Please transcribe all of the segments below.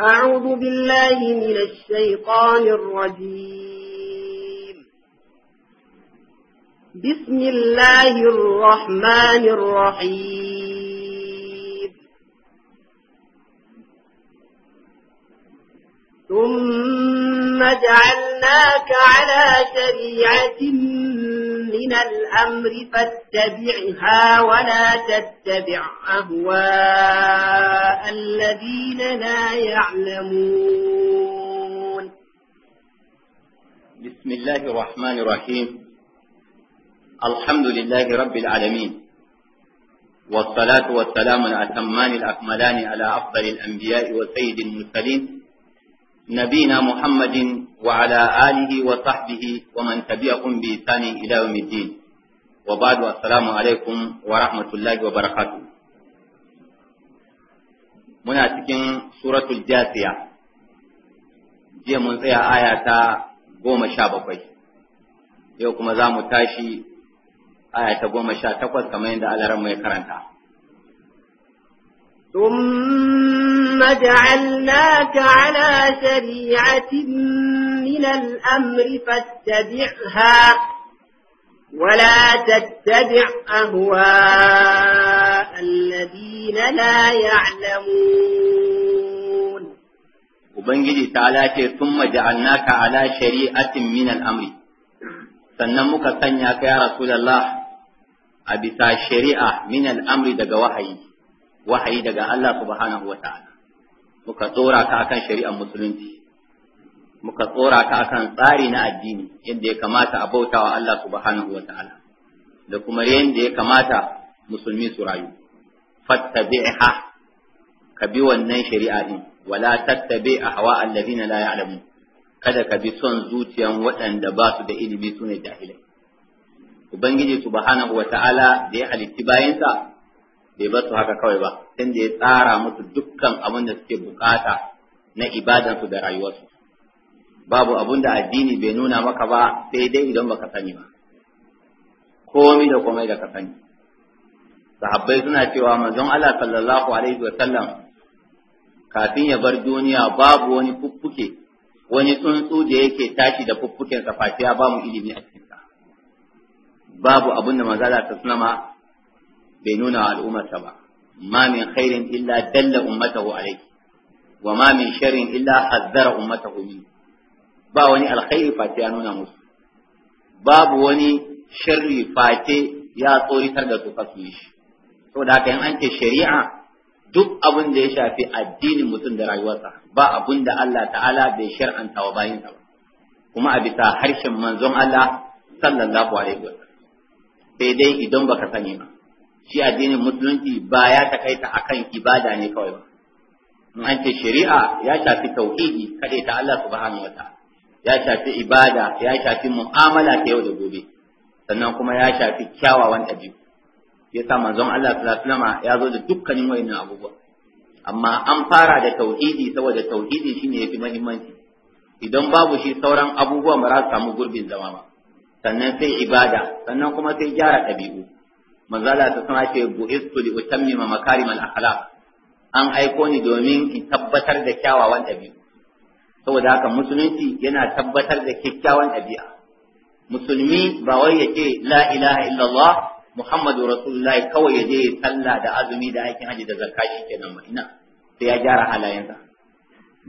أعوذ بالله من الشيطان الرجيم بسم الله الرحمن الرحيم ثم جعلناك على شريعة من الأمر فاتبعها ولا تتبع أهواء الذين لا يعلمون بسم الله الرحمن الرحيم الحمد لله رب العالمين والصلاة والسلام الأتمان الأكملان على أفضل الأنبياء وسيد المرسلين نبينا محمد وعلى آله وصحبه ومن تبعهم بإحسان إلى يوم الدين وبعد السلام عليكم ورحمة الله وبركاته من تكين سورة الجاثية جي من سيا آية قوم شابك يوكم زام تاشي آية قوم شابك كما يندى على رمي كرنتا ثم ثم جعلناك على شريعة من الأمر فاتبعها ولا تتبع أهواء الذين لا يعلمون وبنجي تعالى ثم جعلناك على شريعة من الأمر سنمك سنياك يا رسول الله أبتا شريعة من الأمر دقوا وحي وحي دقى الله سبحانه وتعالى muka tsora ka akan shari'ar musulunci muka tsora ka akan tsari na addini yadda ya kamata a bautawa Allah subhanahu wa ta'ala da kuma yadda ya kamata musulmi su rayu fattabi'ha ka bi wannan shari'a din wala tattabi ahwa alladhina la ya'lamun kada ka bi son zuciyan waɗanda ba su da ilimi su ne jahilai ubangiji subhanahu wa ta'ala da ya halitti bayansa bai bar su haka kawai ba sai ya tsara musu dukkan abin da suke bukata na ibadansu da rayuwarsu babu abin da addini bai nuna maka ba sai dai idan baka sani ba komai da komai da ka sani sahabbai suna cewa manzon Allah sallallahu alaihi wa sallam kafin ya bar duniya babu wani fuffuke wani tsuntsu da yake tashi da fuffuken sa face bamu ilimi a cikin ka. babu abin da manzon Allah ta bai nuna wa al'ummarsa ba ma min khairin illa dalla ummatahu alayhi wa ma min sharrin illa hazzara ummatahu min ba wani alkhairi face ya nuna musu babu wani sharri face ya tsoritar da su kasu shi saboda haka yin an ce shari'a duk abin da ya shafi addinin mutum da rayuwarsa ba abin da Allah ta'ala bai shar'anta wa bayinsa ba kuma a bisa harshen manzon Allah sallallahu alaihi wasallam sai dai idan baka sani ba shi addinin musulunci ba ya takaita akan ibada ne kawai ba an ce shari'a ya shafi tauhidi kade ta Allah subhanahu wataala ya shafi ibada ya shafi mu'amala ta yau da gobe sannan kuma ya shafi kyawawan ɗabi'u sa manzon Allah sallallahu alaihi wasallam ya zo da dukkanin wayannan abubuwa amma an fara da tauhidi saboda tauhidi shine yafi muhimmanci idan babu shi sauran abubuwa ba za su samu gurbin zama ba sannan sai ibada sannan kuma sai gyara ɗabi'u manzala ta sama ce bu'istu li utammima makarimal akhlaq an aiko ni domin in tabbatar da kyawawan ɗabi'u saboda haka musulunci yana tabbatar da kyakkyawan ɗabi'a musulmi ba wai ya ce la ilaha illallah muhammadu rasulullahi kawai ya je ya sallah da azumi da aikin haji da zakka shi kenan ba ina sai ya gyara halayensa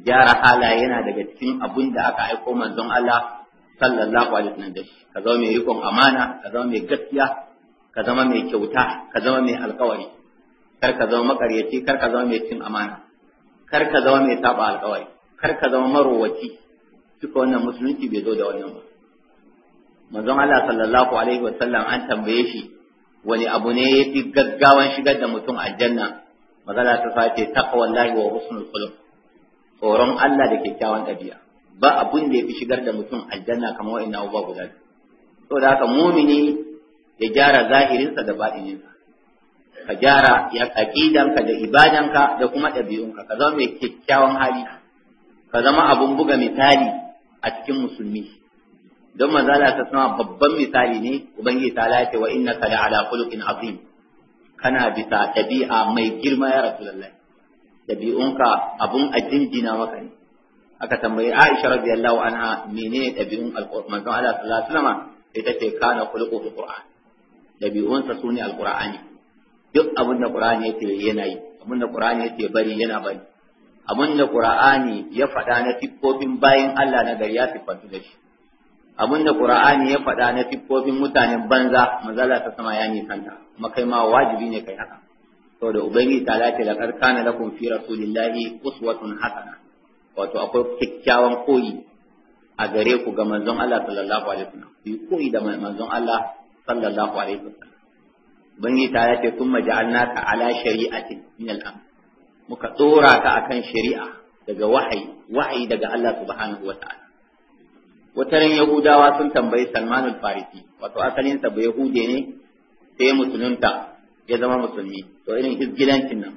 gyara halaye yana daga cikin abun da aka aiko manzon Allah sallallahu alaihi wasallam da shi ka zama mai rikon amana ka zama mai gaskiya ka zama mai kyauta ka zama mai alkawari kar ka zama makaryaci kar ka zama mai cin amana kar ka zama mai saba alkawari kar ka zama marowaci duka wannan musulunci bai zo da wannan ba manzon Allah sallallahu alaihi wa sallam an tambaye shi wani abu ne ya fi gaggawan shigar da mutum aljanna magana ta sace taqwallahi wa husnul khuluq tsoron Allah da kyakkyawan ɗabi'a ba abun da ya fi shigar da mutum aljanna kamar wa'annan abubuwa guda biyu saboda haka mumini ya gyara zahirinsa da baɗininsa ka gyara ya aqidanka da ibadanka da kuma ɗabi'unka ka zama mai kyakkyawan hali ka zama abun buga misali a cikin musulmi don manzala ta sama babban misali ne ubangiji ta lafi wa innaka la ala khuluqin azim kana bisa ɗabi'a mai girma ya rasulallah. ɗabi'unka abun ajinjina maka ne aka tambayi Aisha radiyallahu anha menene ɗabi'un alƙur'an manzon Allah sallallahu alaihi wasallam ita ce kana khuluqul qur'an ɗabi'unsa su ne alƙur'ani duk abin da ƙur'ani yake yana yi abin da ƙur'ani yake bari yana bari abin da ƙur'ani ya faɗa na siffofin bayan Allah na gari ya siffantu da shi abin da ƙur'ani ya faɗa na siffofin mutanen banza mazala ta sama ya nisanta makai ma wajibi ne kai haka saboda ubangiji ta lati la karkana lakum fi rasulillahi uswatun hasana wato akwai kyakkyawan koyi a gare ku ga manzon Allah sallallahu alaihi wasallam ku koyi da manzon Allah sallallahu alaihi wasallam bangi ta yace kuma ja'alnaka ala shari'atin min al-amr muka tsora ka akan shari'a daga wahayi wahayi daga Allah subhanahu wa ta'ala wataran yahudawa sun tambayi Salman al-Farisi wato asalin sa yahude ne sai musulunta ya zama musulmi to irin hizgilancin nan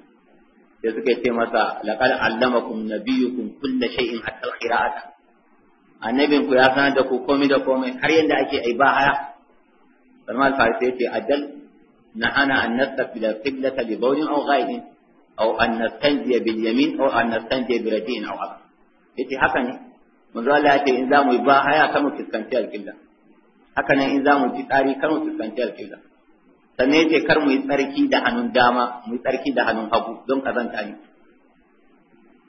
sai suka ce masa allama kun laqad allamakum nabiyukum kulla shay'in hatta al-qira'ata ku ya sanar da ku komai da komai har yadda ake ibahaya Salman al-Farisi yace ajal nahana an nastaqbila ta li bawlin aw ghaibin aw an nastanjiya bil yamin aw an nastanjiya bi rajin aw aqal yace haka ne manzo Allah yace in zamu yi ba haya kan mu fuskanci al-qibla haka nan in zamu ji tsari kan mu fuskanci al-qibla sannan ce, kar mu yi tsarki da hannun dama mu yi tsarki da hannun hagu don ka kazanta ne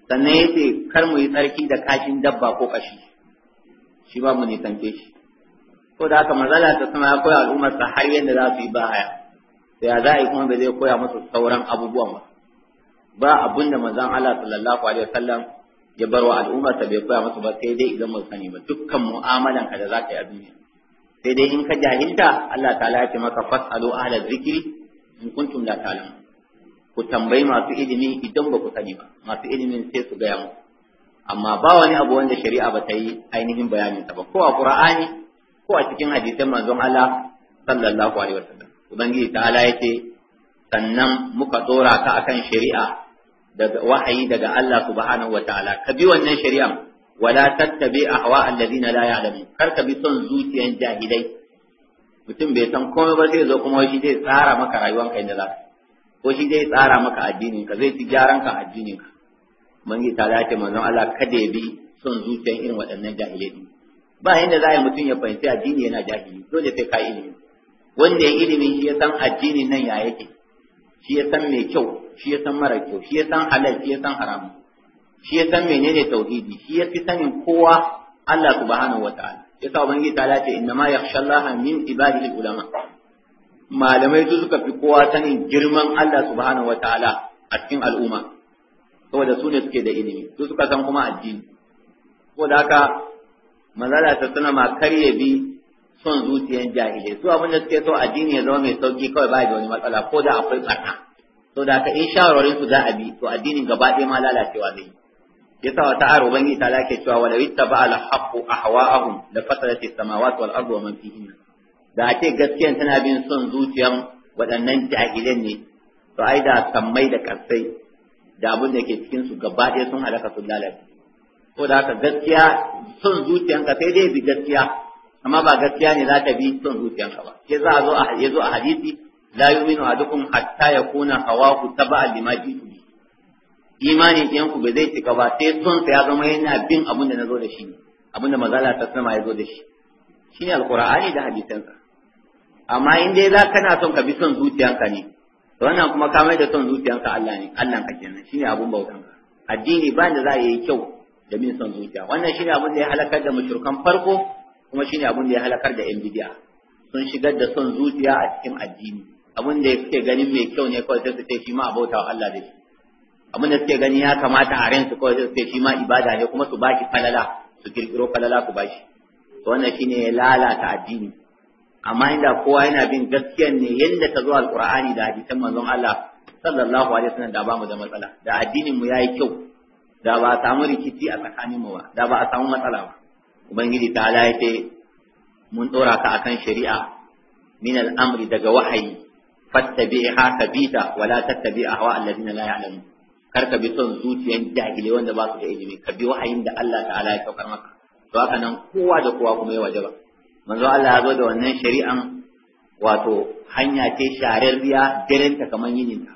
sannan yace kar mu yi tsarki da kashin dabba ko kashi shi ba mu nisance shi ko da haka manzala ta sama ya koya al'ummar sa har yadda za su yi baya. to ya za a yi kuma ba zai koya musu sauran abubuwan ba ba abin da manzon Allah sallallahu alaihi wasallam ya bar wa al'ummar sa bai koya musu ba sai dai idan mun sani ba dukkan mu'amalan ka da za ka yi a duniya sai dai in ka jahilta Allah ta'ala ya ce maka fasalu ahla zikri in kuntum la ta'lam ku tambayi masu ilimi idan ba ku sani ba masu ilimin sai su gaya muku amma ba wani abu wanda shari'a ba ta yi ainihin bayanin ta ba ko a qur'ani ko a cikin hadisan manzon Allah sallallahu alaihi wasallam ubangiji ta'ala yace sannan muka tsora ka akan shari'a daga wahayi daga Allah subhanahu wataala ka bi wannan shari'a wala tattabi ahwa alladhina la ya'lamu kar ka bi son zuciyan jahilai mutum bai san komai ba zai zo kuma shi zai tsara maka ka inda za ko shi zai tsara maka addinin ka zai ci gyaran ka addinin ka mangi ta dace manzon Allah kada ya bi son zuciyan irin waɗannan jahilai ba yanda za a yi mutum ya fahimci addini yana jahili dole sai ka ilimi wanda ya ilimi shi ya san addini nan ya yake shi ya san mai kyau shi ya san mara kyau shi ya san halal shi ya san haram shi ya san menene tauhidi shi ya fi sanin kowa Allah subhanahu wataala sa ubangiji ta lace inna ma yakhsha Allah min ibadihi ulama malamai su suka fi kowa sanin girman Allah subhanahu wataala a cikin al'umma saboda su ne suke da ilimi su suka san kuma addini saboda haka manzala ta tana ma kar bi son zuciyan jahilai su abin da suke so addini ya zama mai sauki kawai ba da wani matsala ko da akwai tsaka to da ka in shawarwarin su za a bi to addinin gaba ɗaya ma lalacewa zai yasa wata aro ubangi ta lake cewa wala ba al haqqu ahwa'ahum da fasala as samawati wal ardi wa man fihinna da ake gaskiyan tana bin son zuciyan waɗannan jahilan ne to ai da sammai da kasai da abin da ke cikin su gaba ɗaya sun halaka sun lalace ko da haka gaskiya son zuciyanka sai dai bi gaskiya amma ba gaskiya ne za ta bi son zuciyanka ba ke za a zo a ya zo a hadisi la yu'minu ahadukum hatta yakuna hawahu tab'a lima ji'tu imani yan ku bai zai cika ba sai son sa ya zama yana bin abin da nazo da shi ne abin da mazala ta sama ya zo da shi shine alqur'ani da hadisansa amma in dai za kana son ka bi son zuciyanka ne to wannan kuma ka mai da son zuciyanka Allah ne Allah ka kenan shine abun bautan addini ba da za a yi kyau da min son zuciya wannan shine abin da ya halakar da mushrikan farko kuma shine abin da ya halakar da yan bid'a sun shigar da son zuciya a cikin addini abin da suke ganin mai kyau ne kawai sai su ce shi ma abota Allah da shi abin da suke gani ya kamata a rinsu kawai sai su ce shi ma ibada ne kuma su baki falala su kirkiro falala su bashi to wannan shine ya lalata addini amma inda kowa yana bin gaskiya ne yadda ta zo alqur'ani da hadisan manzon Allah sallallahu alaihi wasallam da ba mu da matsala da addinin mu yayi kyau da ba a samu rikici a tsakanin mu ba da ba a samu matsala ba ubangiji ta ala yace mun dora ka akan shari'a min al-amri daga wahayi fattabi'ha kabita wa la tattabi' ahwa alladhina la ya'lamun kar ka bi son zuciyan jahilai wanda ba su da ilimi ka bi wahayin da Allah ta'ala ya saukar maka to haka nan kowa da kowa kuma ya wajaba manzo Allah ya zo da wannan shari'an wato hanya ce sharar biya kamar yinin